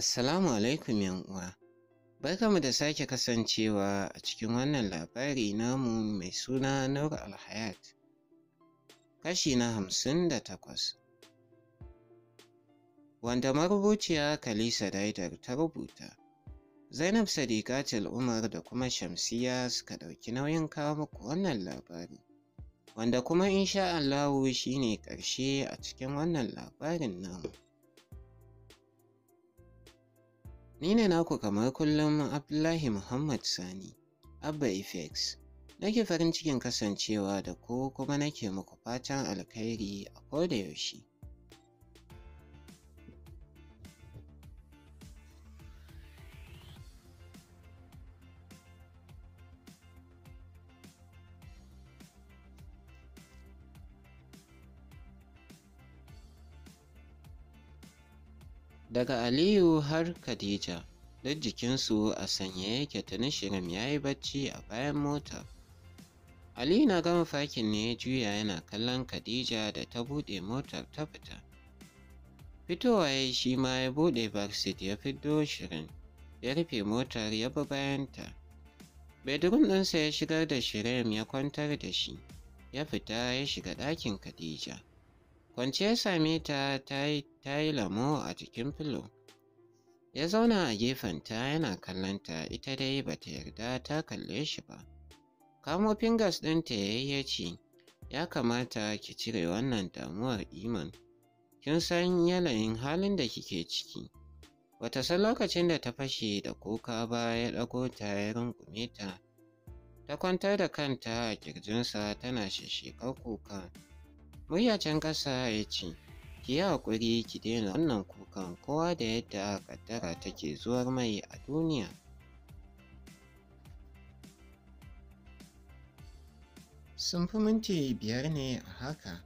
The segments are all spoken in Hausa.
Assalamu alaikum uwa. Barkamu da sake kasancewa a cikin wannan labari namu mai suna Nur Alhayat. Kashi na hamsin da takwas. Wanda marubuciya Kalisa Daidar ta rubuta. Zainab Sadiqatul Umar da kuma Shamsiyya suka ɗauki nauyin kawo muku wannan labari. Wanda kuma insha Allahu ne ƙarshe a cikin wannan labarin namu. Ni ne naku kamar kullum Abdullahi Muhammad Sani, Abba Effects. Nake farin cikin kasancewa da ku kuma nake muku fatan alkhairi a koda yaushe. daga Aliyu har Khadija duk jikinsu a sanye yake tuni shirin ya yi bacci a bayan mota. Aliyu na gama fakin ne ya juya yana kallon Khadija da ta buɗe motar ta fita. Fitowa ya shi ma ya buɗe backseat ya fiddo shirin, ya rufe motar ya bi bayanta. Bedroom ɗinsa ya shigar da shirin ya kwantar da shi, ya fita ya shiga ɗakin Khadija. Kwance ya same ta ta yi lamo a cikin filo. Ya zauna a gefen ta yana kallonta ita dai ba ta yarda ta kalle shi ba. Kamo fingers ɗinta ya yi ya ce, Ya kamata ki cire wannan damuwar iman. Kin san yanayin halin da kike ciki. Bata san lokacin da ta fashe da kuka ba ya ɗago ta ya rungume ta. Ta kwantar da kanta a ƙirjinsa tana shashe kuka. murya ƙasa ya ce ki yi haƙuri ki daina wannan kukan kowa da yadda ƙaddara take zuwar mai a duniya sun fi minti biyar ne a haka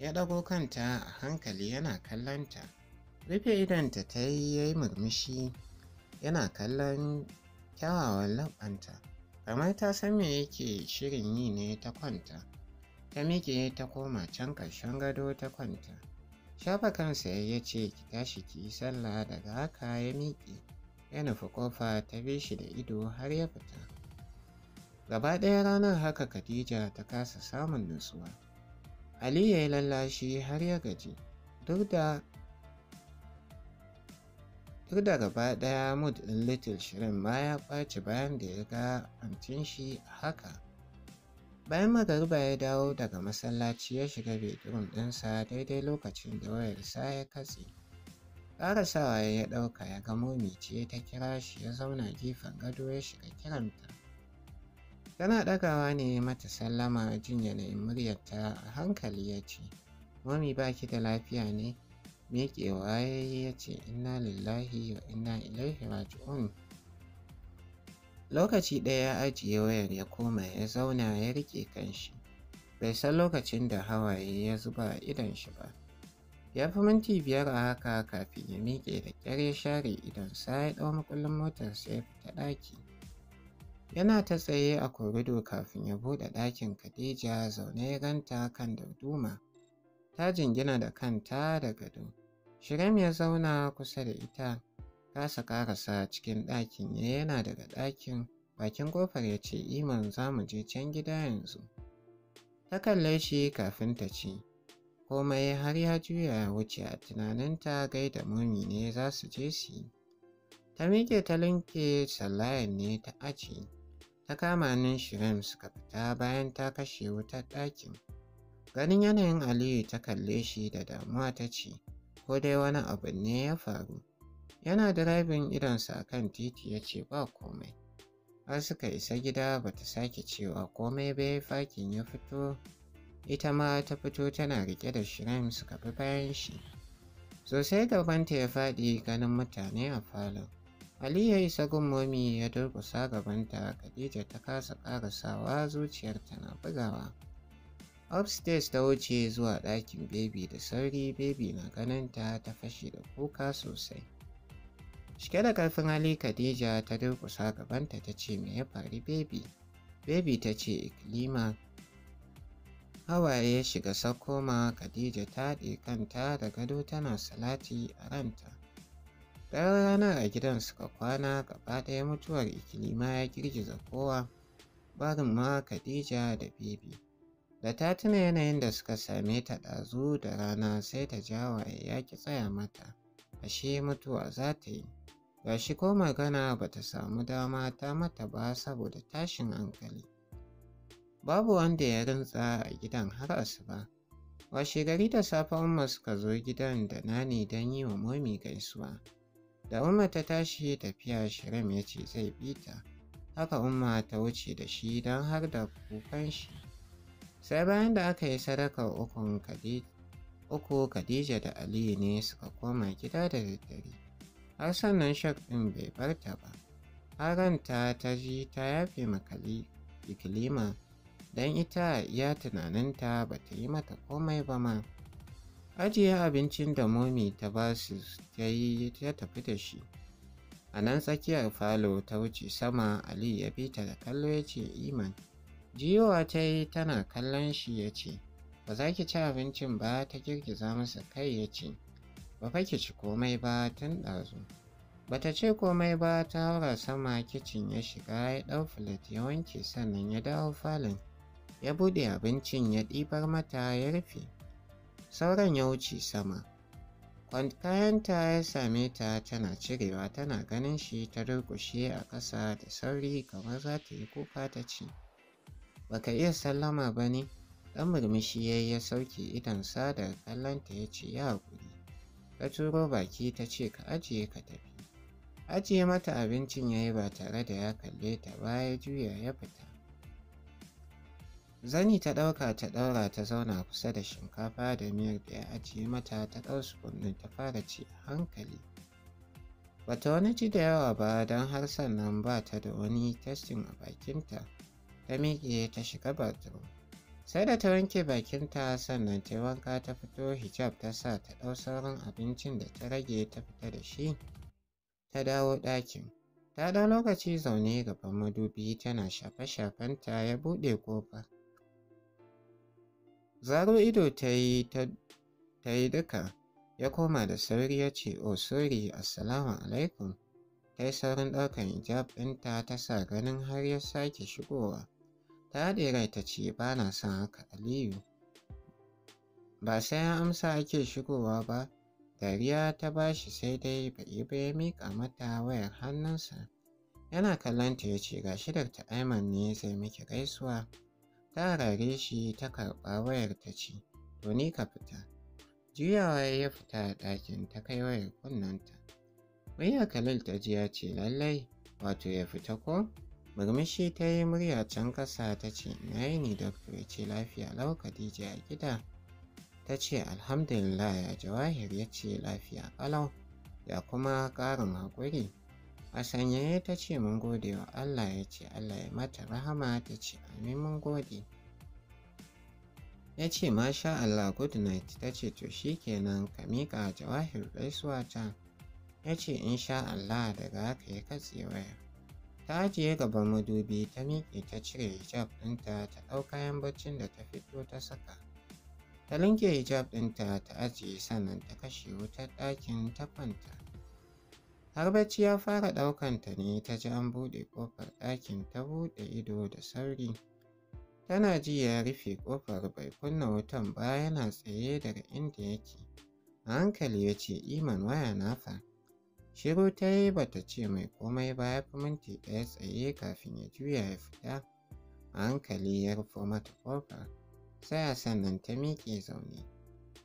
ya ɗago kanta a hankali yana kallonta rufe idanta ta yi ya yi murmushi yana kallon kyawawan laɓanta, kamar ta san me yake shirin yi ne ta kwanta ta miƙe ta koma can ƙarshen gado ta kwanta shafa kansa ya ce ki tashi ki yi sallah daga haka ya miƙe ya nufi ƙofa ta bi shi da ido har ya fita gaba ɗaya ranar haka khadija ta kasa samun nutsuwa ali ya yi lallashi har ya gaji duk da duk da gaba ɗaya mood ɗin little shirin ma ya ɓaci bayan da ya ga antin shi haka Bayan magariba ya dawo daga masallaci ya shiga bedroom ɗinsa daidai lokacin da wayarsa ya katse. Ƙarasawa ya ɗauka ya ga momi ce ta kira shi ya zauna gefen gado ya shiga kiranta. Tana ɗagawa ne mata sallama jin yanayin muryarta a hankali ya ce, Mami ba ki da lafiya ne? Miƙewa ya yi ya ce, Inna lillahi wa inna ilaihi raji'un. Lokaci ɗaya ya ajiye wayar ya koma ya zauna ya riƙe kanshi. Bai san lokacin da hawaye ya zuba a idon shi ba. Ya fi minti biyar a haka kafin ya miƙe da ƙyar ya share idon sa ya ɗau makullin motar sa ya fita ɗaki. Yana ta tsaye a korido kafin ya buɗe ɗakin Khadija zaune ya ganta kan darduma. Ta jingina da kanta da gado. Shirem ya zauna kusa da ita. kasa karasa cikin ɗakin ya yana daga ɗakin bakin ƙofar ya ce iman za mu je can gida yanzu ta kalle shi kafin ta ce komai har ya juya wuce a tunaninta gaida mummi ne za su je su yi ta miƙe ta linke sallayan ne ta aji ta kama nin shirin suka fita bayan ta kashe wutar ɗakin ganin yanayin aliyu ta kalle shi da damuwa ta ce ko dai wani abu ne ya faru Yana da direbin idonsa a kan titi ya ce ba komai. Har suka isa gida ba ta sake cewa komai bai fakin ya fito. Ita ma ta fito tana rike da shirin suka fi bayan shi. Sosai gabanta ya faɗi ganin mutane a falon. Ali ya isa gummomi ya durkusa gabanta Khadija ta kasa zuciyar ta na bugawa. Upstairs ta wuce zuwa ɗakin baby da sauri baby na ganinta ta fashe da kuka sosai. Cike da karfin hali Khadija ta durkusa gabanta ta ce me ya faru baby? Baby ta ce Iklima. Hawaye ya shiga sakoma Khadija ta haɗe kanta da gado tana salati a ranta. Ɗan ranar a gidan suka kwana gaba ɗaya mutuwar Ikilima ya girgiza kowa, barin ma Khadija da Baby. Da ta tuna yanayin da suka same ta ɗazu da rana sai ta jawaye ya ki tsaya mata, ashe mutuwa za ta yi. shi ko magana ba ta samu dama ta mata ba saboda tashin hankali babu wanda ya rintsa a gidan har asuba washe gari da safe umma suka zo gidan da nani don yi wa momi gaisuwa da umma ta tashi tafiya shirin ya ce zai bi ta haka umma ta wuce da shi don har da kukan shi sai bayan da aka yi sadaka uku khadija da aliyu ne suka koma gida da daddare har sannan shak ɗin bai barta ba haranta ta ji ta yafe makali ikilima don ita ya tunaninta ba ta yi mata komai ba ma ajiye abincin da momi ta ba su ta yi ta tafi da shi a nan tsakiyar falo ta wuce sama ali ya bi ta da kallo ya ce iman jiyowa ta yi tana kallon shi ya ce ba za ki ci abincin ba ta girgiza masa kai ya ce ba ka ki ci komai ba tun ɗazu. Bata ce komai ba ta haura sama kicin ya shiga ya ɗau filet ya wanke sannan ya dawo falon. Ya buɗe abincin ya ɗibar mata ya rufe. Sauran ya wuce sama. kayanta ya same ta tana cirewa tana ganin shi ta durƙushe a ƙasa da sauri kamar za ta yi kuka ta ce. Baka iya sallama ba ne? Ɗan murmushi ya yi ya sauke idonsa daga kallonta ya ce ya haƙuri. ta turo baki ta ce ka ajiye ka tafi ajiye mata abincin ya yi ba tare da ya kalle ta ba ya juya ya fita zani ta ɗauka ta ɗaura ta zauna kusa da shinkafa da miyar da ya ajiye mata ta ɗausu kunnin ta fara ci a hankali bata wani ci da yawa ba don har sannan ba ta da wani tastin a bakinta ta miƙe ta shiga bathroom sai da ta wanke bakinta sannan ta wanka ta fito hijab ta sa ta ɗau sauran abincin da ta rage ta fita da shi ta dawo ɗakin ta ɗau lokaci zaune gaban madubi tana shafe-shafenta ya buɗe ƙofa zaro ido ta yi ta yi duka ya koma da sauri ya ce oh sorry assalamu alaikum ta yi saurin ɗaukan hijab ɗinta ta sa ganin har ya sake shigowa ta haɗe ta ce ba na son haka aliyu ba sai an amsa ake shigowa ba dariya ta bashi sai dai bai ba ya miƙa mata wayar hannunsa yana kallonta ya ce ga shidar ta aiman ne zai miki gaisuwa ta rare shi ta karɓa wayar ta ce to ni ka fita juyawa ya fita a ɗakin ta kai wayar kunnanta. Murya Khalil ta ji ya ce lallai wato ya fita ko? Murmushi ta yi murya can ƙasa ta ce, Na yi ni da ya ce lafiya lau Khadija a gida. Ta ce, Alhamdulillah ya jawahir ya ce lafiya ƙalau, ya kuma ƙarin haƙuri. A sanyaye ta ce, Mun gode wa Allah ya ce, Allah ya mata rahama ta ce, Amin mun gode. Ya ce, Masha Allah good night ta ce, To shi kenan ka miƙa jawahir gaisuwa ta. Ya ce, Insha Allah daga haka ya katse wayar. ta ajiye gaban madubi ta miƙe ta cire hijab ɗinta ta ɗau kayan baccin da ta fito ta saka ta linke hijab ɗinta ta ajiye sannan ta kashe wutar ɗakin ta kwanta har bacci ya fara ɗaukan ta ne ta ji an buɗe ƙofar ɗakin ta buɗe ido da sauri tana ji ya rufe ƙofar bai kunna wutan ba yana tsaye daga inda yake a hankali ya ce iman waya na fa Shiru ta yi bata ce mai komai ba ya fi minti ɗaya tsaye kafin ya juya ya fita. A hankali ya rufe mata ƙofar. Sai a sannan ta miƙe zaune.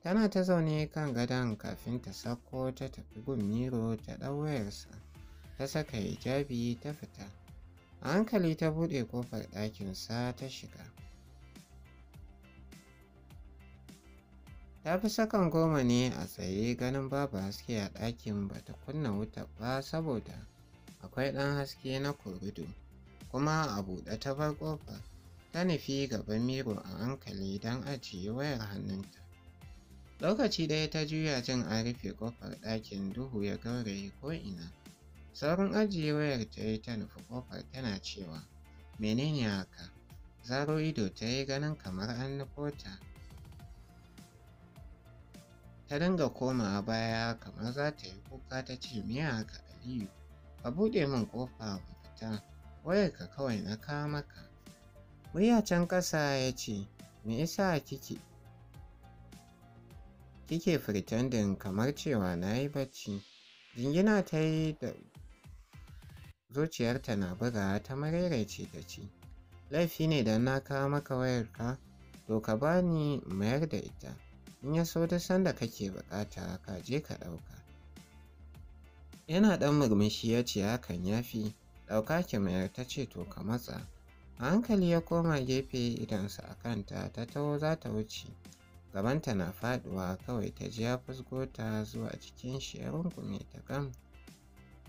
Tana ta zaune kan gadon kafin ta sako ta tafi gun miro ta ɗau Ta saka hijabi ta fita. A hankali ta buɗe ƙofar ɗakinsa ta shiga. ta fi sakan goma ne a tsaye ganin babu haske a ɗakin ba ta kunna wuta ba saboda akwai ɗan haske na korido kuma a buɗe ta bar ƙofa ta nufi gaban miro a hankali don ajiye wayar hannunta lokaci ɗaya ta juya jin an rufe ƙofar ɗakin duhu ya gauraye ko'ina saurin ajiye wayar ta yi ta nufi ƙofar tana cewa menene haka zaro ido ta yi ganin kamar an nufo ta dinga komawa baya kamar za ta yi kuka ta ce me haka aliyu ka buɗe min ƙofa mu fita wayarka kawai na kawo maka murya can ƙasa ya ce me yasa kike kike pretending kamar cewa na yi bacci jingina ta yi da zuciyarta na buga ta ce ta ce laifi ne don na kawo maka wayarka to ka bani mayar da ita in ya so da sanda kake buƙata ka je ka ɗauka. Yana ɗan murmushi ya ce hakan ya fi ɗauka ki mayar ta ce to ka matsa. hankali ya koma gefe idansa a kanta ta taho za ta wuce. Gabanta na faɗuwa kawai ta ji ya fusgo ta zuwa cikin shi ya rungume ta gam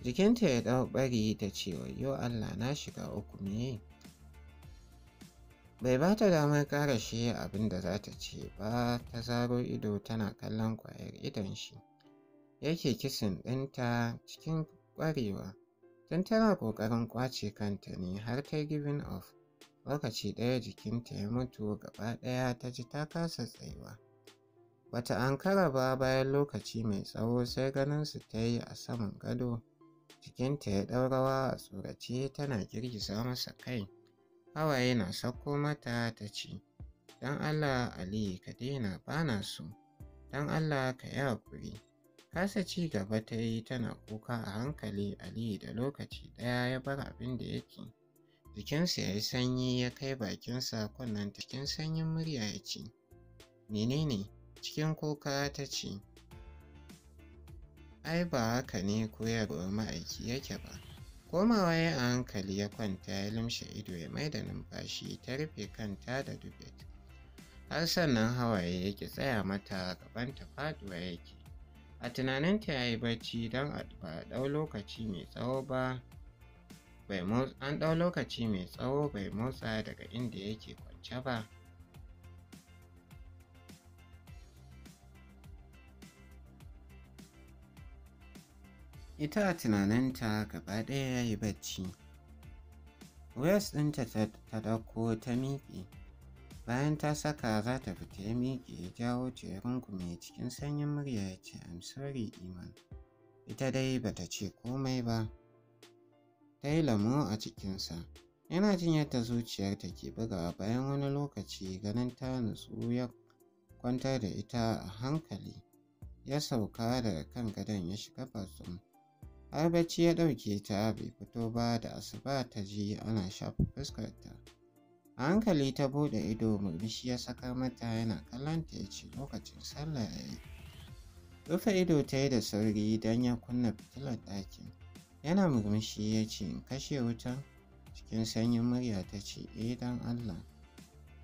Jikinta ya dau-bari ta ce wayo Allah na shiga uku me bai ba ta damar kara shi abin da za ta ce ba ta zaro ido tana kallon kwayar idon shi yake kisin ɗinta cikin ƙwarewa tun tana ƙoƙarin ƙwace kanta ne har ta giving off lokaci ɗaya jikinta ya mutu gaba ɗaya ta ji ta kasa tsayuwa bata ankara ba bayan lokaci mai tsawo sai ganin su ta yi a saman gado jikinta ya ɗaurawa a tsorace tana girgiza masa kai hawaye na sauko mata ta ce, Don Allah Ali ka daina bana su. don Allah ka yi haƙuri. Kasa ci gaba ta yi tana kuka a hankali Ali da lokaci ɗaya ya bar abin da yake. Jikinsa ya yi sanyi ya kai bakinsa kunnen cikin sanyin murya ya ce, Menene? Cikin kuka ta ce, Ai ba haka ne koyarwar ma'aiki yake ba. komawa ya a hankali ya kwanta ya limshe ido ya mai da numfashi ta rufe kanta da dubet har sannan hawaye yake tsaya mata gaban gabanta faduwa yake a tunaninta ya yi bacci don ba a ɗau lokaci mai tsawo ba an ɗau lokaci mai tsawo bai motsa daga inda yake kwance ba ita a tunaninta gaba ɗaya ya yi bacci west ɗinta ta ɗauko ta miƙe bayan ta saka za ta fita ya miƙe ya jawo ta ya cikin sanyin murya ya ce i'm sorry iman ita dai bata ce komai ba ta yi lamo a cikinsa yana jin yadda zuciyarta ke bugawa bayan wani lokaci ganin ta nutsu ya kwantar da ita a hankali ya sauka daga kan gadon ya shiga bathroom har bacci ya ɗauke ta bai fito ba da asuba ta ji ana shafa fuskarta a hankali ta buɗe ido murmushi ya saka mata yana kallonta ya ce lokacin sallah ya yi rufe ido ta yi da sauri don ya kunna fitilar ɗakin yana murmushi ya ce in kashe wutan cikin sanyin murya ta ce e don allah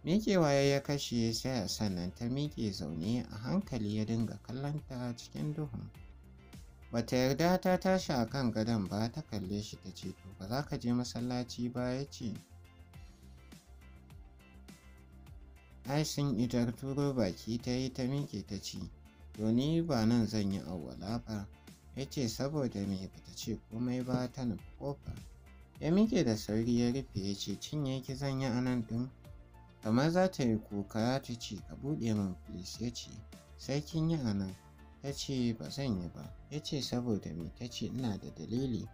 miƙewa ya ya kashe sai a sannan ta miƙe zaune a hankali ya dinga kallonta cikin duhun wata yarda ta tashi a kan gadon ba ta kalle shi ta ce to ba za ka je masallaci ba ya ce. Ai sun idar turo baki ta yi ta miƙe ta ce to ni ba nan zan yi awwala ba ya ce saboda me ta ce komai ba ta nufi ƙofa. Ya miƙe da sauri ya rufe ya ce cinye ki zan yi anan nan ɗin. kamar za ta yi kuka ta ce ka buɗe min filis ya ce sai kin yi a nan ta ce ba zan yi ba ya ce saboda me ta ce ina da dalili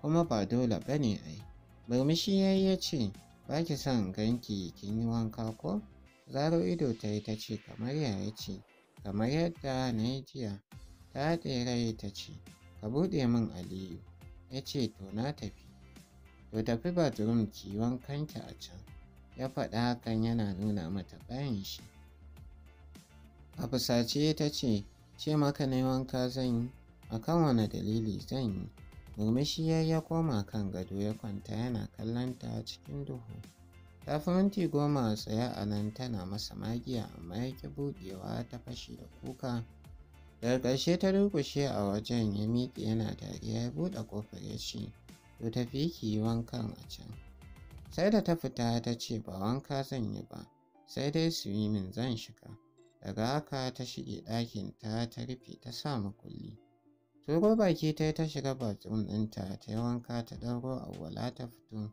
kuma ba dole ba ne ai murmushi ya yi ya ce ba ki son ganki kin yi wanka ko zaro ido ta yi ta ce kamar ya ya ce kamar yadda na yi jiya ta rai ta ce ka buɗe min aliyu ya ce to na tafi to tafi ba bathroom ki wankanki a can ya faɗa hakan yana nuna mata bayan shi a fusace ta ce ce maka ne wanka zan yi a kan wane dalili zan yi murmushi ya ya koma kan gado ya kwanta yana kallon ta cikin duhu ta minti goma a tsaye a nan tana masa magiya amma ya ki buɗewa ta fashe da kuka daga ƙarshe ta durƙushe a wajen ya miƙe yana dariya ya buɗe ƙofar ya ce to tafi ki yi wankan a can sai da ta fita ta ce ba wanka zan yi ba sai dai swimming zan shiga daga haka ta shige ɗakin ta ta rufe ta sa makulli turo baki ta ta shiga bathroom ɗinta ta yi wanka ta ɗauro awwala ta fito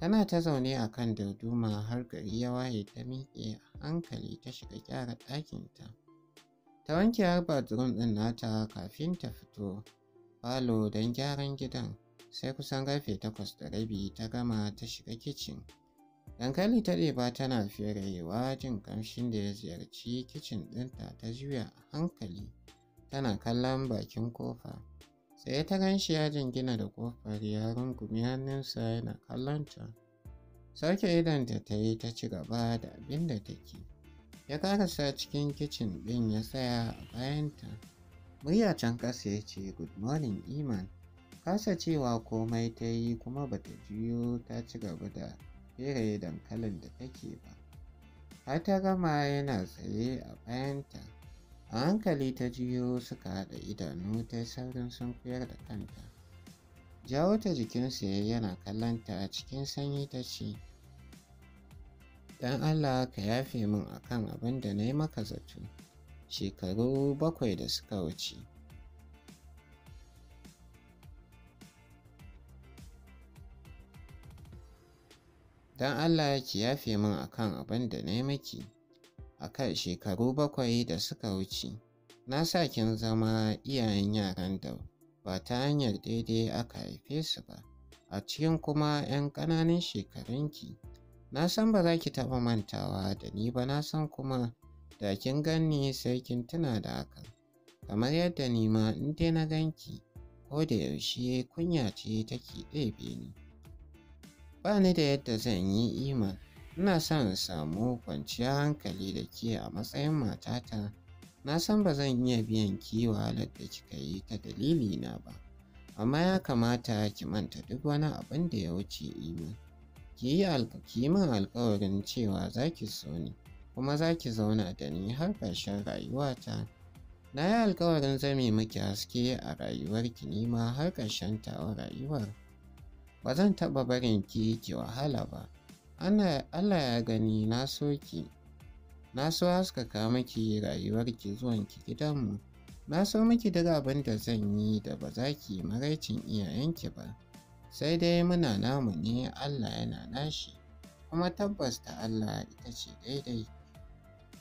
tana ta zaune a kan darduma har gari ya waye ta miƙe a hankali ta shiga gyara ɗakinta ta wanke har bathroom ɗin nata kafin ta fito falo don gyaran gidan sai kusan karfe takwas da rabi ta gama ta shiga kicin Dankali ta ɗeba tana ferewa jin ƙamshin da ya ziyarci kicin ɗinta ta juya a hankali tana kallon bakin ƙofa. Sai ta gan shi ya jingina da ƙofar ya rungumi hannunsa yana kallon ta. Sauke idonta ta yi ta ci gaba da abin da ke, Ya karasa cikin kicin ɗin ya tsaya a bayanta. Murya can ƙasa ya ce, Good morning Iman. Kasa cewa komai ta yi kuma bata juyo ta ci gaba da feraye dankalin da take ba har ta gama yana tsaye a bayanta a hankali ta jiyo suka haɗa idanu ta saurin sunkuyar da kanta jawo ta jikinsu yana kallonta a cikin sanyi ta ce dan allah ka yafe min akan abin da na yi maka zato shekaru bakwai da suka wuce don Allah ki yafe min akan abin da na yi miki a kan shekaru bakwai da suka wuce na sa kin zama iyayen yaran da ba ta hanyar daidai aka haife su ba a cikin kuma 'yan ƙananan shekarunki na san ba za ki taɓa mantawa da ni ba na san kuma da kin ganni sai kin tuna da hakan kamar yadda ni ma in dai na ganki ko da yaushe kunya ce take ɗebe ni ba da yadda zan yi iman ina son in samu kwanciya hankali da ke a matsayin matata na san ba zan iya biyan ki wahalar da kika yi ta dalili na ba amma ya kamata ki manta duk wani abin da ya wuce iman ki yi min alkawarin cewa za ki so ni kuma za ki zauna da ni har ƙarshen rayuwata na yi alkawarin zame miki haske a rayuwarki nima har ƙarshen tawa rayuwar ba zan taɓa barin ki ki wahala ba Allah ya gani na so ki na so haskaka miki rayuwarki zuwanki gidanmu na so miki duk abin da zan yi da ba za ki maraicin iyayenki ba sai dai muna namu ne Allah yana nashi kuma tabbas ta Allah ita ce daidai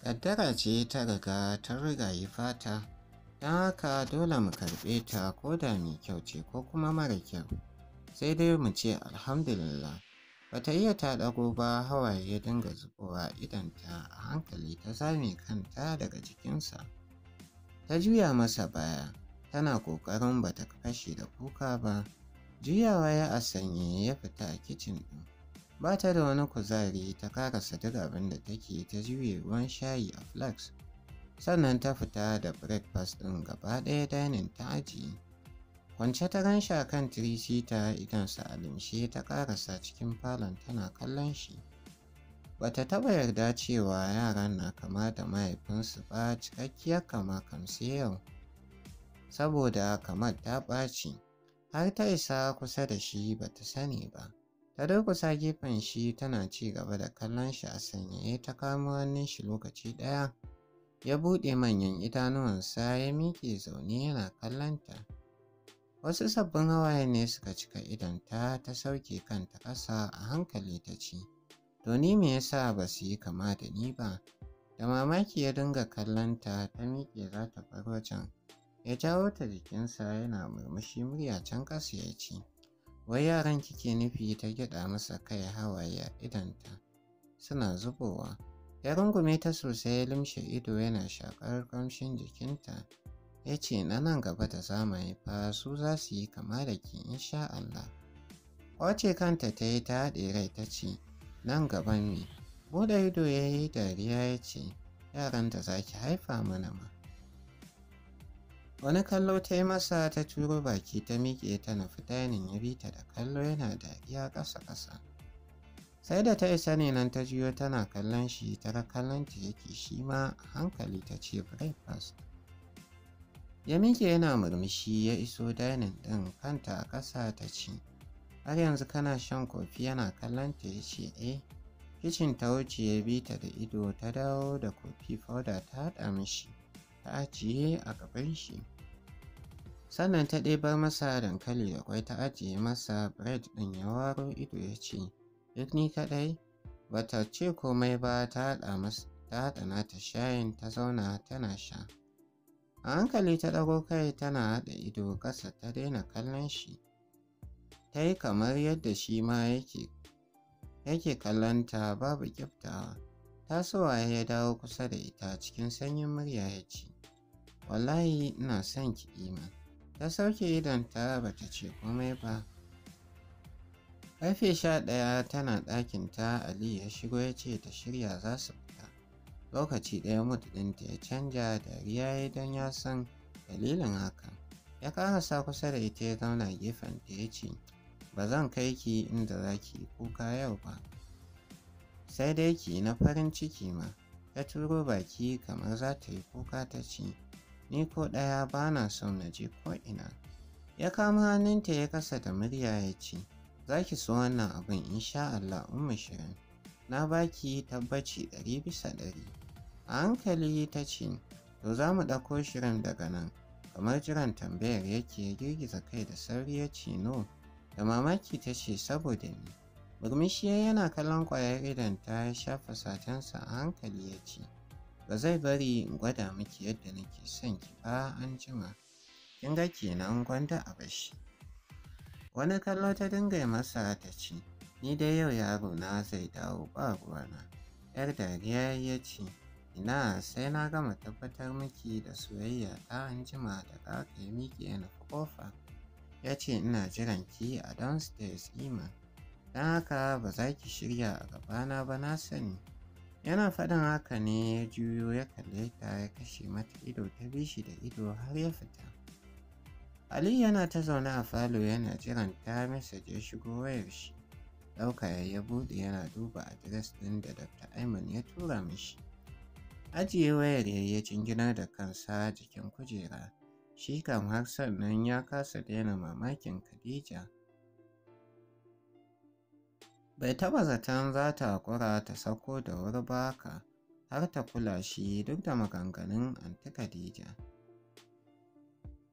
kaddara ce ta riga ta rigayi fata don haka dole mu karɓe ta ko da mai kyau ce ko kuma mara kyau sai dai mu ce alhamdulillah bata iya ta ɗago ba hawaye ya dinga zubowa idanta a hankali ta zame kanta daga jikinsa ta juya masa baya tana ƙoƙarin bata fashe da kuka ba juyawa ya a sanye ya fita a kicin ɗin ba ta da wani kuzari ta karasa duk abin da take ta juye ruwan shayi a flax sannan ta fita da breakfast ɗin gaba ɗaya dining ta ajiye Wance ta gan shi a kan tirisita idansa a limshe ta ƙarasa cikin falon tana kallon shi. Bata taɓa yarda cewa yaran na kama da mahaifinsu ba cikakkiyar kama kam yau. Saboda kamar ta ɓaci, har ta isa kusa da shi bata sani ba. Ta durkusa gefen shi tana ci gaba da kallon shi a sanyaye ta kamo hannun shi lokaci ɗaya. Ya buɗe manyan idanuwansa ya miƙe zaune yana kallonta. Wasu sabbin hawaye ne suka cika idonta ta sauke kanta ƙasa a hankali ta ce, To ni me yasa ba su yi kama da ni ba? Da mamaki ya dinga kallonta ta miƙe za ta bar wajen. Ya jawo ta jikinsa yana murmushi murya can ƙasa ya ce, Wai yaran kike nufi ta gyaɗa masa kai hawaye a idonta suna zubowa. Ya rungume ta sosai ya limshe ido yana shaƙar ƙamshin jikinta. ya ce na nan gaba da zamani fa su za su yi kama da ki sha Allah. Wace kanta ta yi ta haɗe rai ta ce nan gaban ne. Buɗe ido ya yi dariya ya ce yaran da za ki haifa mana ma. Wani kallo ta yi masa ta turo baki ta miƙe ta nufi dainin ya bi ta da kallo yana dariya ƙasa-ƙasa. sai da ta isa ne nan ta jiyo tana kallon shi tara kallon ta yake shi ma hankali ta ce breakfast Ya miƙe yana murmushi ya iso dainin ɗin kanta a ƙasa ta ce, Har yanzu kana shan kofi yana kallon ta ya ce, Eh, kicin ta wuce ya bi ta da ido ta dawo da kofi fauda ta haɗa mishi, ta ajiye a gaban shi. Sannan ta ɗebar masa dankali da kwai ta ajiye masa bread ɗin ya waro ido ya ce, Duk ni kaɗai? Bata ce komai ba ta haɗa nata shayin ta zauna tana sha. A hankali ta ɗago kai tana haɗa ido ƙasa ta daina kallon shi. Ta yi kamar yadda shi ma yake yake kallon ta babu ta ya dawo kusa da ita cikin sanyin murya ya ce, Wallahi ina son ki ima. Ta sauke idon ta bata ce komai ba. Ƙarfe sha ɗaya tana ɗakin ta Ali ya shigo ya ce ta shirya za su fita. lokaci ɗaya mutu ɗinta ya canja dariya ya don ya san dalilin haka. ya karasa kusa da ita ya zauna gefen da ya ce ba zan kai ki inda za ki kuka yau ba sai dai ki na farin ciki ma ta turo baki kamar za ta yi kuka ta ce ni ko ɗaya ba na son na je ina. ya kama hannunta ya kasa da murya ya ce za ki so wannan abin sha Allah umma shirin na baki tabbaci ɗari bisa ɗari A hankali ta ce, To za mu ɗauko shirin daga nan. Kamar jiran tambayar yake girgiza kai da sauri ya ce no. Da mamaki ta ce saboda ni. Murmushi yana kallon ƙwayar idon ta shafa satansa a hankali ya ce, Ba zai bari in gwada miki yadda nake son ki ba an jima. Kin ga kenan gwanda a bashi. Wani kallo ta dinga masa ta ce, Ni dai yau yaro na zai dawo ba ruwana. ‘Yar dariya ya ce, Ina sai na gama tabbatar miki da soyayya ta anjima da ka ya miki ya nufi ƙofa. Ya ce ina jiran ki a downstairs ima. Don haka ba za ki shirya a gabana ba na sani. Yana faɗin haka ne ya juyo ya kalle ta ya kashe mata ido ta bi shi da ido har ya fita. Ali yana ta zaune a falo yana jiran ta message ya shigo wayar shi. Ɗauka ya buɗe yana duba adres ɗin da Dr. Aiman ya tura mishi. Ajiye wayar ya cingina da kansa jikin kujera, shi kam har sannan ya kasa daina mamakin Khadija. Bai taɓa zaton za ta haƙura ta sako da wuri ba ka har ta kula shi duk da maganganun anti Khadija.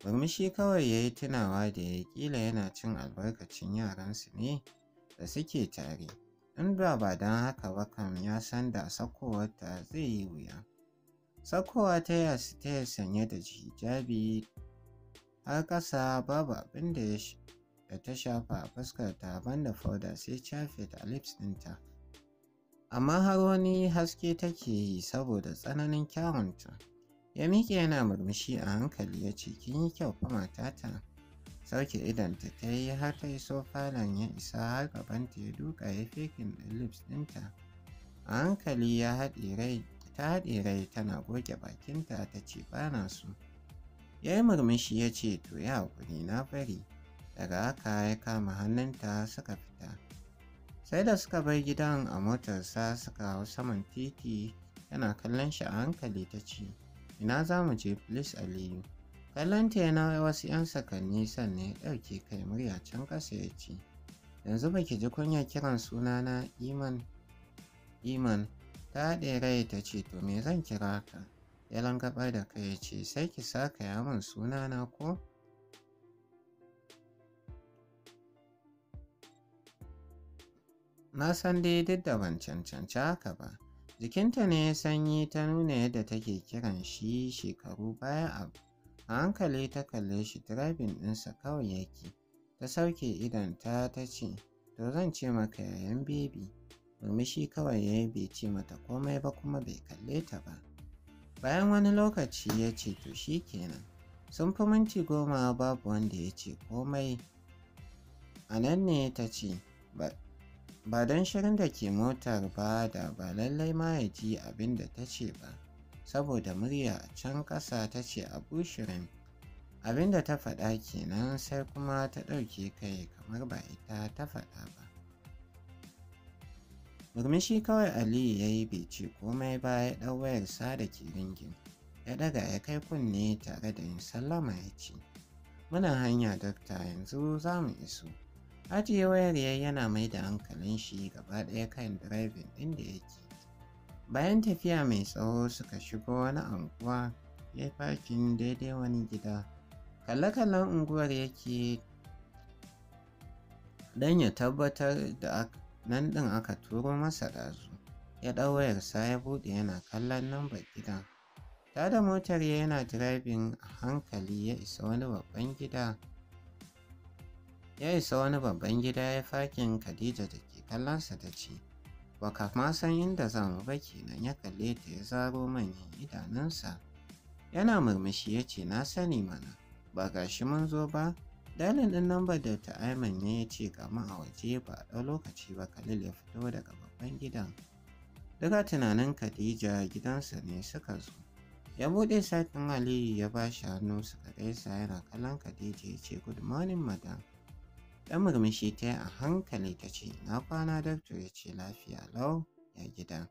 Murmushi kawai ya yi tunawa da ya ƙila yana cin albarkacin yaransu ne da suke tare. in ba ba don haka ba kam ya san da sakowarta zai yi wuya sakowa ta yasu ta sanye da hijabi har ƙasa babu abin da ya ta shafa a fuskarta banda fauda sai cafe da lips ɗinta amma har wani haske take yi saboda tsananin kyawunta ya miƙe yana murmushi a hankali ya ce kin yi kyau fa matata sauke idanta ta yi har ta iso falon ya isa har ya duka ya fekin lips ɗinta a hankali ya haɗe rai ta haɗe rai tana goge bakinta ta ce bana so ya yi murmushi ya ce to ya haƙuri na bari daga haka ya kama hannunta suka fita sai da suka bar gidan a motarsa suka hau saman titi yana kallon shi a hankali ta ce ina za mu je please aliyu Kallonta ya wasu 'yan sakanni sannan ya ɗauke kai murya can ƙasa ya ce, Yanzu ba ki ji kunya kiran sunana Iman? Iman, ta haɗe rai ta ce, To me zan kira ka? Ya langaba da kai ya ce, Sai ki saka ya min suna na, ko? Na san dai duk da ban cancanci haka ba. Jikinta ne ya sanyi ta nuna yadda take kiran shi shekaru baya abu. A hankali ta kalle shi direbin ɗinsa kawai yake. Ta sauke idan ta ce, To zan ce maka yayan bebi, domin shi kawai ya bai ce mata komai ba kuma bai kalle ta ba. Bayan wani lokaci ya ce, To shi kenan. Sun fi minti goma babu wanda ya ce komai. A nan ne ta ce, Ba don shirin da ke motar ba da ba lallai ma ya ji abin da ta ce ba. saboda murya can ƙasa ta ce a bushirin abinda ta faɗa kenan sai kuma ta ɗauke kai kamar ba ita ta faɗa ba murmushi kawai aliyu ya yi bai ce komai ba ya ɗau wayarsa da ke ringin ya daga ya kai kunne tare da yin sallama ya ce muna hanya dokta yanzu za mu iso ajiye wayar yana mai da hankalin shi gaba ɗaya kan direbin ɗin da yake Bayan tafiya mai tsawo suka shigo wani anguwa ya fakin daidai wani gida. Kalle-kallen unguwar yake don ya tabbatar da nan din aka turo masa ɗazu. Ya ɗau wayarsa ya buɗe yana kallon lambar gidan. Ta da motar yana driving a hankali ya isa wani babban gida. Ya isa wani babban gida ya fakin Khadija da ke kallonsa ta ce, Ba ka ma san inda za mu ba kenan ya kalle ta ya zaro manyan idanunsa. Yana murmushi ya ce na sani mana, ba ga shi mun zo ba? Dalin ɗin lambar da ta Aiman ne ya ce ga a waje ba a ɗau lokaci ba kalil ya fito daga babban gidan. Daga tunanin Khadija gidansa ne suka zo. Ya buɗe satin Aliyu ya ba shi hannu suka gaisa yana kallon Khadija ya ce good morning madam. Ɗan murmushi ta yi a hankali ta ce, Na kwana dakto ya ce lafiya lau ya gida.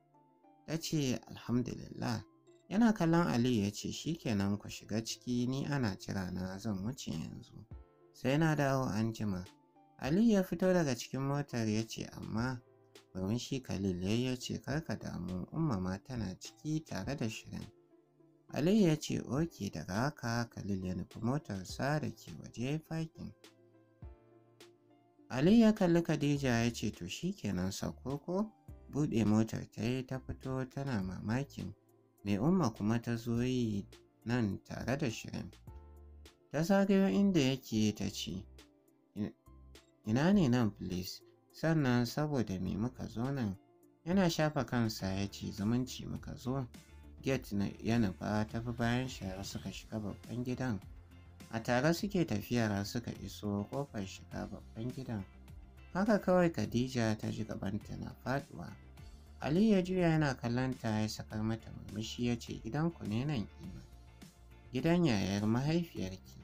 Ta ce, Alhamdulillah. Yana kallon Aliyu ya ce, shi kenan ku shiga ciki ni ana jira na zan wuce yanzu. Sai na dawo an jima. Aliyu ya fito daga cikin motar ya ce, Amma murmushi Khalil ya ce, Kar ka damu, umma ma tana ciki tare da shirin. Aliyu ya ce, Oke daga haka Khalil ya nufi motarsa da ke waje fakin. Ali ya kalli Khadija ya ce to shi kenan ko buɗe motar ta yi ta fito tana mamakin mai umma kuma ta zo yi nan tare da shirin. Ta zagayo inda yake ta ce ina ne nan please sannan saboda me muka zo nan yana shafa kansa ya ce zumunci muka zo get yana ba ta fi bayan shara suka shiga babban gidan. a tare suke tafiyara suka iso kofar shiga babban gidan haka kawai khadija ta ji gabanta na faduwa ali ya juya yana kallanta ya saka mata murmushi ya ce gidanku ne nan kima gidan yayar mahaifiyarki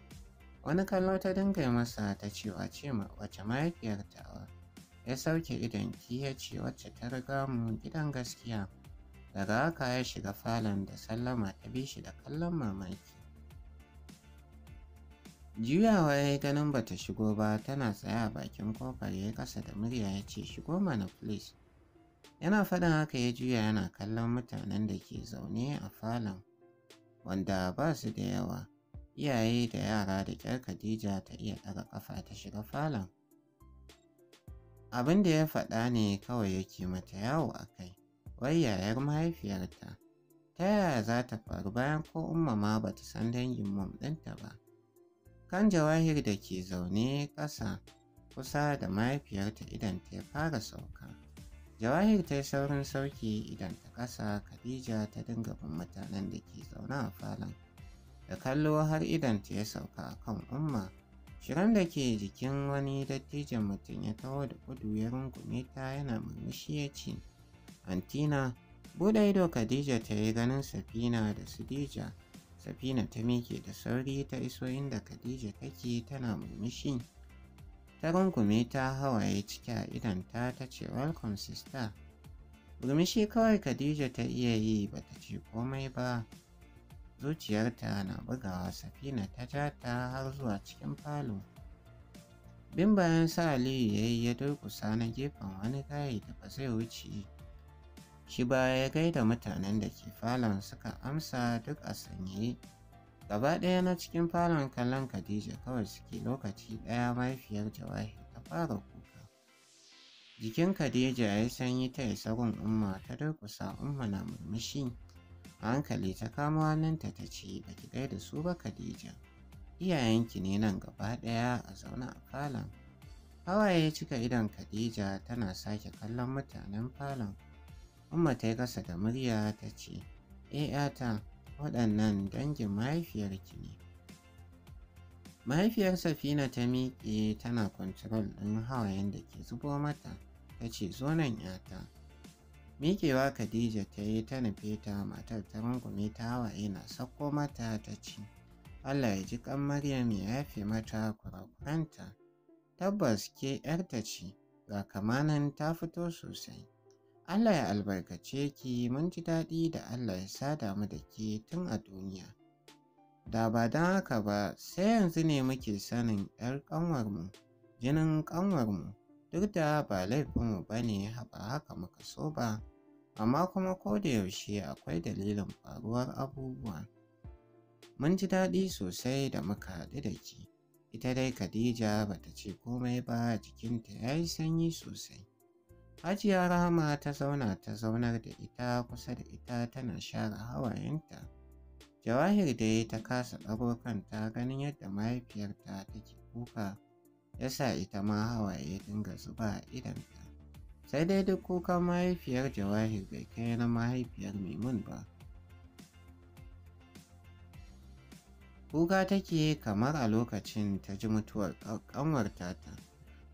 wani kallo ta dinga masa ta ce wace wace mahaifiyar tawa ya sauke idan ki ya ce wacce ta riga mu gidan gaskiya daga haka ya shiga falon da sallama ta bi shi da kallon mamaki juyawa ya yi ganin ba ta shigo ba tana tsaye a bakin kofar ya yi ƙasa da murya ya ce shigo mana please yana faɗin haka ya juya yana kallon mutanen da ke zaune a falon wanda ba su da yawa iyaye da yara da ƙyar Khadija ta iya ɗaga ƙafa ta shiga falon abin da ya faɗa ne kawai yake mata yawo a kai wai yayar mahaifiyarta ta yaya za ta faru bayan ko umma ma ba ta san dangin mom ɗinta ba Kan jawahir da ke zaune ƙasa kusa da mahaifiyarta idan ta fara sauka. Jawahir ta yi saurin sauki idan ta ƙasa Khadija ta dinga bin mutanen da ke zaune a falon. Da kallo har idan ta ya sauka a kan umma. Shirin da ke jikin wani dattijan mutum ya taho da kudu ya rungume ta yana murmushi ya ce, Antina, buɗe ido Khadija ta yi ganin Safina da dija Safina ta miƙe da sauri ta iso inda Khadija take tana murmushi. Ta rungume ta hawaye ciki a idon ta ce welcome sister. Murmushi kawai Khadija ta iya yi ba ta ce komai ba. Zuciyarta na bugawa Safina ta ja ta har zuwa cikin falo. Bin bayan sa Aliyu ya yi ya durƙusa na gefen wani gaye da ba zai wuce shi ba ya gaida mutanen da ke falon suka amsa duk a sanyaye gaba ɗaya na cikin falon kallon khadija kawai suke lokaci ɗaya mahaifiyar jawahi ta fara kuka jikin khadija ya sanyi ta isa gun umma ta durkusa umma na murmushi a hankali ta kama hannunta ta ce ba ki gaida su ba khadija iyayenki ne nan gaba ɗaya a zauna a falon hawaye cika idon khadija tana sake kallon mutanen falon Umma ta yi kasa da murya ta ce, E eh, ta, waɗannan dangin mahaifiyarki ne. Mahaifiyar Safina ta miƙe tana kwantarol ɗin hawayen da ke zubo mata, ta ce, Zo nan ‘yata. Miƙewa Khadija ta yi ta nufe ta matar ta rungume ta hawaye na sakko mata ta ce, Allah ya ji kan Maryam ya yafe mata kurakuranta. Tabbas ke ‘yarta ce, ga kamanan ta fito sosai. Allah ya albarkace ki mun ji daɗi da Allah ya sada mu da ke tun a duniya. Da ba don haka ba sai yanzu ne muke sanin 'yar ƙanwarmu, jinin ƙanwarmu, duk da ba laifinmu ba ne ba haka muka so ba, amma kuma ko da yaushe akwai dalilin faruwar abubuwa. Mun ji daɗi sosai da muka haɗu da ke, ita dai Khadija ba ta ce komai ba jikinta ya yi sanyi sosai. Hajiya Rahama ta zauna ta zaunar da ita kusa da ita tana share hawayenta. Jawahir dai ta kasa ɗago kanta ganin yadda mahaifiyarta take kuka ya sa ita ma hawaye dinga zuba a idanta. Sai dai duk kukan mahaifiyar Jawahir bai kai na mahaifiyar Maimun ba. Kuka take kamar a lokacin ta ji mutuwar ƙanwartata. tata.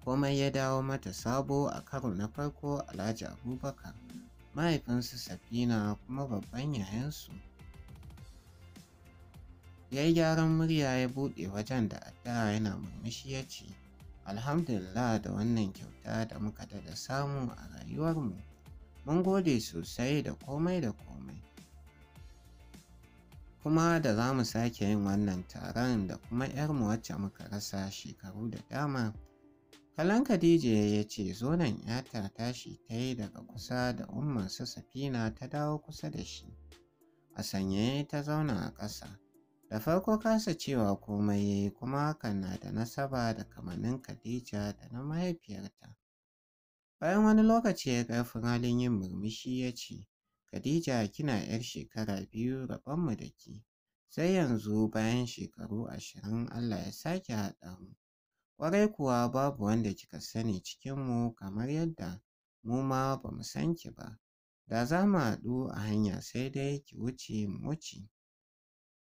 komai ya dawo mata sabo a karo na farko Alhaji Abubakar mahaifinsu Safina kuma babban yayansu. Ya yi gyaran murya ya buɗe wajen da addu'a yana murmushi ya ce, Alhamdulillah da wannan kyauta da muka daga samu a rayuwarmu, mun gode sosai da komai da komai. Kuma da za mu sake yin wannan taron da kuma 'yarmu wacce muka rasa shekaru da dama. Kalan Khadija ya ce zonan nan ‘yata tashi ta yi daga kusa da su safina ta dawo kusa da shi. A sanye ta zauna a ƙasa. Da farko kasa cewa komai ya yi kuma hakan na da nasaba da kamanin Khadija da na mahaifiyarta. Bayan wani lokaci ya ƙarfin halin yin murmushi ya ce, Khadija kina ‘yar shekara biyu rabonmu da ki, sai yanzu bayan shekaru ashirin Allah ya sake haɗa mu. Ƙwarai kuwa babu wanda kika sani cikinmu kamar yadda mu ma ba mu san ki ba. Da za mu haɗu a hanya sai dai ki wuce mu wuce.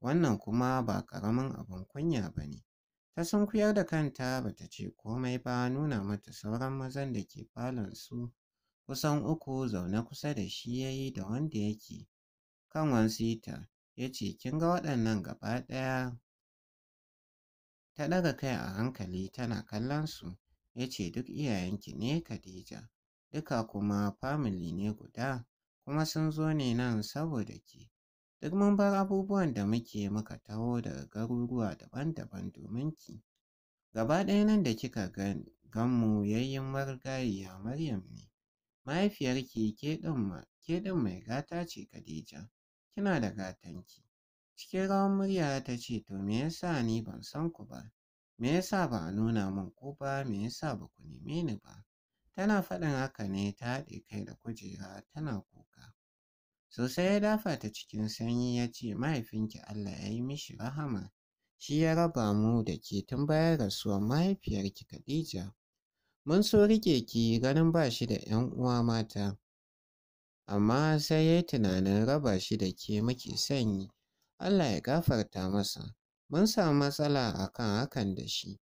Wannan kuma ba ƙaramin abin kunya ba ne. Ta sunkuyar da kanta ba ta ce komai ba nuna mata sauran mazan da ke falon su kusan uku zaune kusa da shi ya yi da wanda yake kan ita ya ce kin ga waɗannan gaba ɗaya Ta ɗaga kai a hankali tana kallon su, ya ce duk iyayenki ne Khadija, duka kuma famili ne guda, kuma sun zo ne nan saboda ki. Duk mun bar abubuwan da muke muka taho daga garuruwa daban-daban domin ki. Gaba ɗaya nan da kika gan mu yayin marigayiya Maryam ne. Mahaifiyarki ke ɗin mai gata ce Khadija, kina da gatanki. Cikin rawan murya ta ce to me yasa ni ban san ku ba? Me yasa ba a nuna min ku ba? Me yasa ba ku neme ni ba? Tana faɗin haka ne ta haɗe kai da kujera tana kuka. Sosai ya dafa ta cikin sanyi ya ce mahaifinki Allah ya yi mishi rahama. Shi ya raba mu da ke tun bayan rasuwar mahaifiyarki Khadija. Mun so rike ki ganin ba shi da 'yan uwa mata. Amma sai ya yi tunanin raba shi da ke muke sanyi. Allah ya gafarta masa. Mun samu matsala a kan hakan da shi.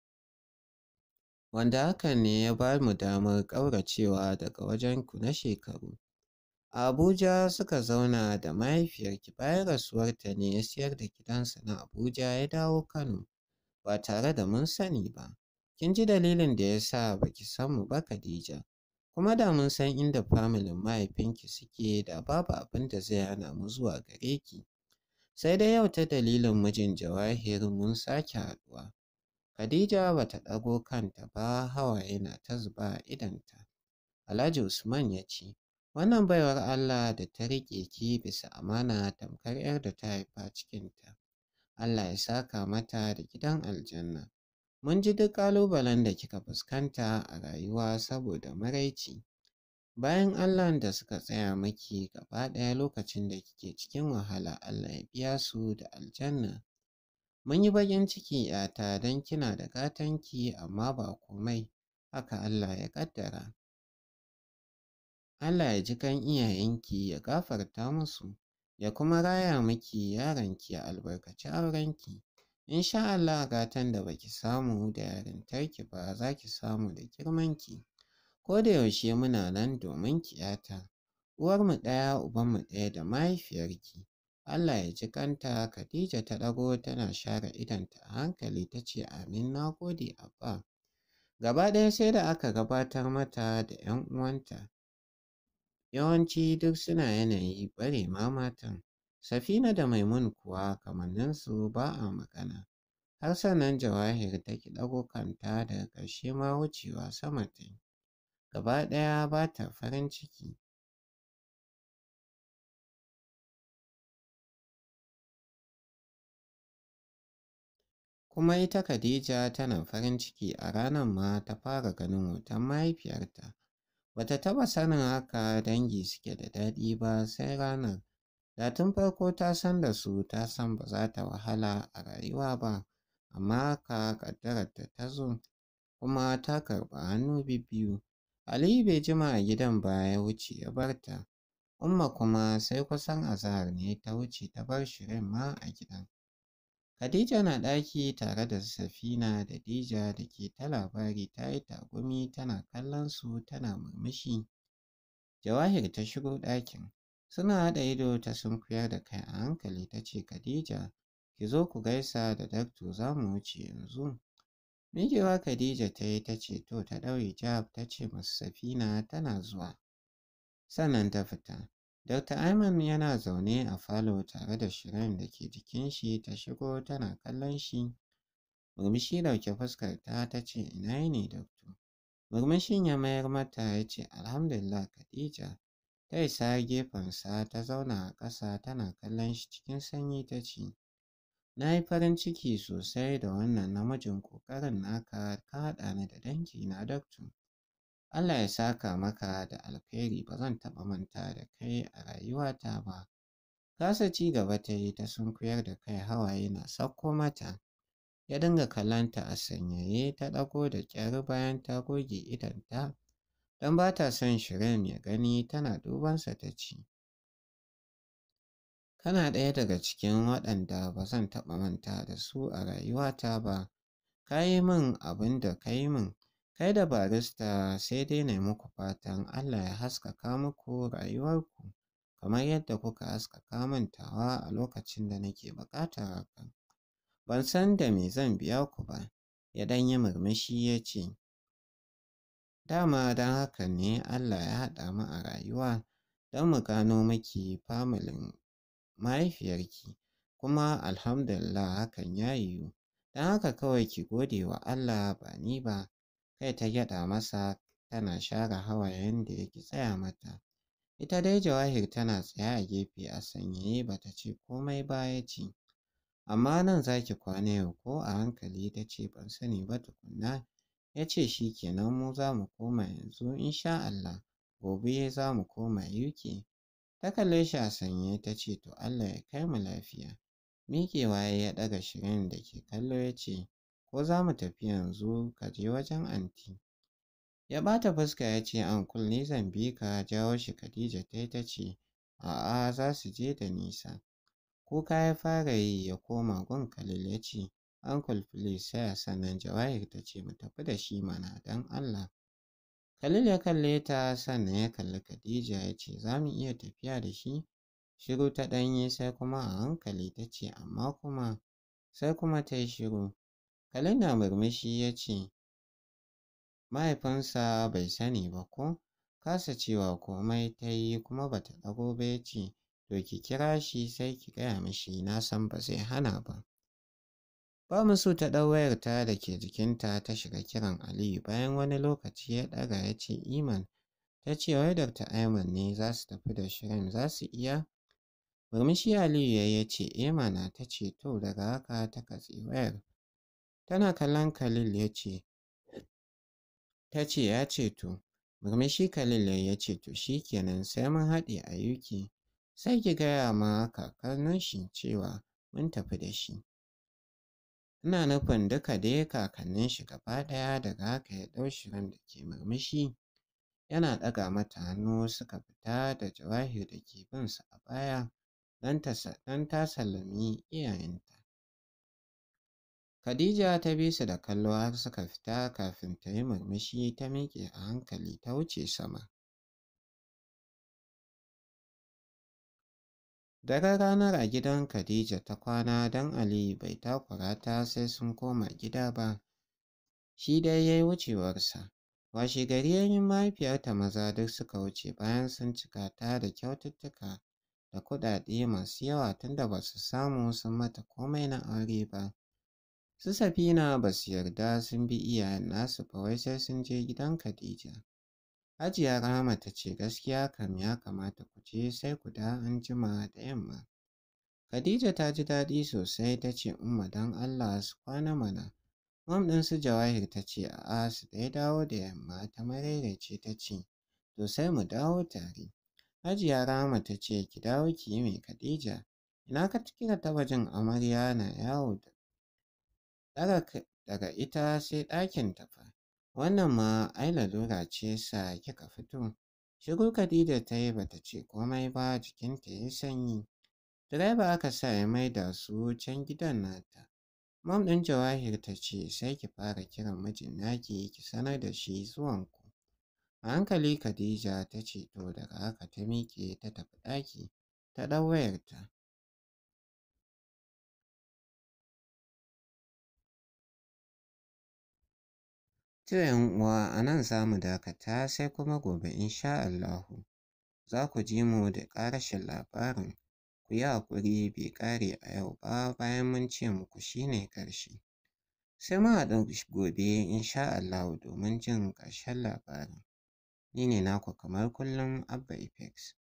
Wanda hakan ne ya ba mu damar ƙauracewa daga wajen ku na shekaru. A Abuja suka zauna da mahaifiyarki bayan rasuwarta ne ya siyar da gidansa na Abuja ya dawo Kano ba tare da mun sani ba. Kin ji dalilin da ya sa ba ki san mu ba Khadija, kuma da mun san inda familin mahaifinki suke da babu abin da zai hana mu zuwa gare ki. Sai dai yau ta dalilin mijin Jawahir mun sake haɗuwa. Khadija ba ta ɗago kanta ba hawaye na ta zuba idonta. idanta. Alhaji Usman ya ce, Wannan baiwar Allah da ta riƙe ki bisa amana tamkar ‘yar da ta haifa cikinta. Allah ya saka mata da gidan aljanna. Mun ji duk ƙalubalen da kika fuskanta a rayuwa saboda maraici. bayan Allahn da suka tsaya miki gaba ɗaya lokacin da kike cikin wahala Allah ya biya su da aljanna. Mun yi baƙin ciki ‘yata don kina da gatanki amma ba komai haka Allah ya ƙaddara. Allah ya ji kan iyayenki ya gafarta musu ya kuma raya miki yaronki ya albarkaci aurenki. Insha Allah gatan da baki samu da yarintarki ba za ki samu da girmanki. ko da yaushe muna nan domin ƙiyata. Uwarmu ɗaya ubanmu ɗaya da mahaifiyarki. Allah ya ji kanta Khadija ta ɗago tana share idonta a hankali ta ce amin na gode abba. Gaba ɗaya sai da aka gabatar mata da 'yan uwanta. Yawanci duk suna yanayi bare ma matan. Safina da Maimun kuwa kamanninsu ba a magana. Har sannan Jawahir ta ki ɗago kanta daga ƙarshe ma wucewa sama ta yi. gaba ɗaya ba ta farin ciki. Kuma ita Khadija tana farin ciki a ranar ma ta fara ganin hoton mahaifiyarta. Bata taɓa sanin haka dangi suke da daɗi ba sai ranar. Datin farko ta san da su ta san ba za ta wahala a rayuwa ba, amma haka ƙaddararta ta zo kuma ta karɓi hannu bibbiyu. Aliyu bai jima a gidan ba ya wuce ya bar ta. Umma kuma sai kusan azahar ne ta wuce ta bar Shirin ma a gidan. Khadija na ɗaki tare da Safina da Dija da ke ta labari ta yi tagumi tana kallon su tana murmushi. Jawahir ta shigo ɗakin. Suna haɗa ido ta sunkuyar da kai a hankali ta ce Khadija, ki zo ku gaisa da dakto za mu wuce yanzu. Mijewa Khadija ta yi ta ce to ta ɗau hijab ta ce masu safina tana zuwa. Sannan ta fita. Dr. Ayman yana zaune a falo tare da shirin da ke jikin shi ta shigo tana kallon shi. Murmushi dauke fuskar ta ta ce ina ne doctor. Murmushin ya mayar mata ya ce alhamdulillah Khadija. Ta isa gefensa ta zauna a ƙasa tana kallon shi cikin sanyi ta ce Na yi farin ciki sosai da wannan namijin ƙoƙarin naka ka haɗa ni da dangina Dakto. Allah ya saka maka da alkhairi ba zan taɓa manta da kai a rayuwata ba. Kasa ci gaba ta yi ta sunkuyar da kai hawaye na sauko mata. Ya dinga kallonta a sanyaye ta ɗago da ƙyar bayan ta goge idonta don ba ta son Shirem ya gani tana dubansa ta ci. Kana ɗaya daga cikin waɗanda ba zan taɓa manta da su a rayuwata ba. Ka yi min abin da ka yi min, kai da barista sai dai na muku fatan Allah ya haskaka muku rayuwarku kamar yadda kuka haskaka min a lokacin da nake buƙatar hakan. Ban san da me zan biya ku ba, ya ɗan yi murmushi ya ce, Dama don haka ne Allah ya haɗa mu a rayuwa don mu gano miki familin mahaifiyarki kuma alhamdulillah hakan ya yiwu don haka kawai ki gode wa Allah ba ni ba kai ta gyaɗa masa tana share hawayen da yake tsaya mata ita dai jawahir tana tsaye a gefe a sanyaye ta ce komai ba ya ce amma nan za ki kwana yau ko a hankali ta ce ban sani ba tukunna ya ce shi kenan mu za mu koma yanzu insha Allah gobe za mu koma UK Ta kalle shi a sanye ta ce to Allah ya kai mu lafiya. Miƙewa ya ya ɗaga shirin da ke kallo ya ce ko za mu tafi yanzu ka je wajen anti. Ya ɓata fuska ya ce ankul ni zan bi ka jawo shi Khadija ta ta ce a'a za su je da nisa. Ko ka ya fara yi ya koma gun Khalil ya ce ankul please saya sannan Jawahir ta ce mu tafi da shi mana don Allah. Khalil ya kalle ta sannan ya kalli Khadija ya ce za mu iya tafiya da shi. Shiru ta ɗanyi sai kuma a hankali ta ce amma kuma sai kuma ta yi shiru. Khalil na murmushi ya ce mahaifinsa bai sani ba ko kasa cewa komai ta yi kuma bata ɗago ba ya ce to ki kira shi sai ki gaya mishi na san ba zai hana ba. Bamusu ta ɗau wayarta da ke jikinta ta shiga kiran Aliyu bayan wani lokaci ya ɗaga ya ce Iman ta ce wai ta Ayman ne za su tafi da shirin za su iya? Murmushi Aliyu ya ya ce Imana eh ta ce to daga haka ta katse wayar. Tana kallon Khalil ya ce ta ce ya ce to murmushi Khalil ya ce to kenan sai mun haɗe a yuki sai ki gaya ma kakannin shi cewa mun tafi da shi. ina nufin duka dai kakannin shi gaba ɗaya daga haka ya ɗau nan da ke murmushi yana ɗaga mata hannu suka fita da jawahir da ke bin su a baya don ta sallami iyayenta Khadija ta bi su da kallo har suka fita kafin ta yi murmushi ta miƙe a hankali ta wuce sama. Daga ranar a gidan Khadija ta kwana don Ali, bai takura ta sai sun koma gida ba, shi dai ya yi wucewarsa. Washe gari yayin mahaifiyarta maza duk suka wuce bayan sun cika ta da kyaututtuka da kuɗaɗe masu yawa tunda ba su samu sun mata komai na aure ba. Su Safina ba su yarda sun bi iyayen nasu ba wai sai sun je gidan Khadija. Hajiya Rahama ta ce gaskiya kam ya kamata ku je sai ku da an jima da yamma. Khadija ta ji daɗi sosai ta ce umma don Allah su kwana mana. Mam ɗin su Jawahir ta ce a'a su ɗaya dawo da yamma ta maraice ta ce to sai mu dawo tare. Hajiya Rahama ta ce ki dawo ki yi mai Khadija. Ina ka kika taɓa jin amarya na yawo da daga ita sai ɗakin ta wannan ma ai lalura ce sa kika fito shiru Khadija ta yi bata ce komai ba jikinta ya sanyi direba aka sa ya mai da su can gidan nata Mam ɗin Jawahir ta ce sai ki fara kiran mijin naki ki sanar da shi zuwan ku A hankali Khadija ta ce to daga haka ta miƙe ta tafi ɗaki ta ɗau wayarta. To uwa a nan za mu dakata sai kuma gobe insha Allahu za ku ji mu da ƙarashin labarin. Ku yi haƙuri bai ƙare a yau ba bayan mun ce muku shi ne ƙarshe. Sai mun haɗu gobe insha Allahu domin jin ƙarshen labarin. Ni ne naku kamar kullum Abba Ifex.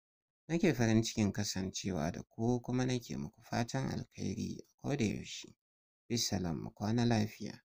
Nake farin cikin kasancewa da ku kuma nake muku fatan alkhairi a koda yaushe. Bisalam mu kwana lafiya.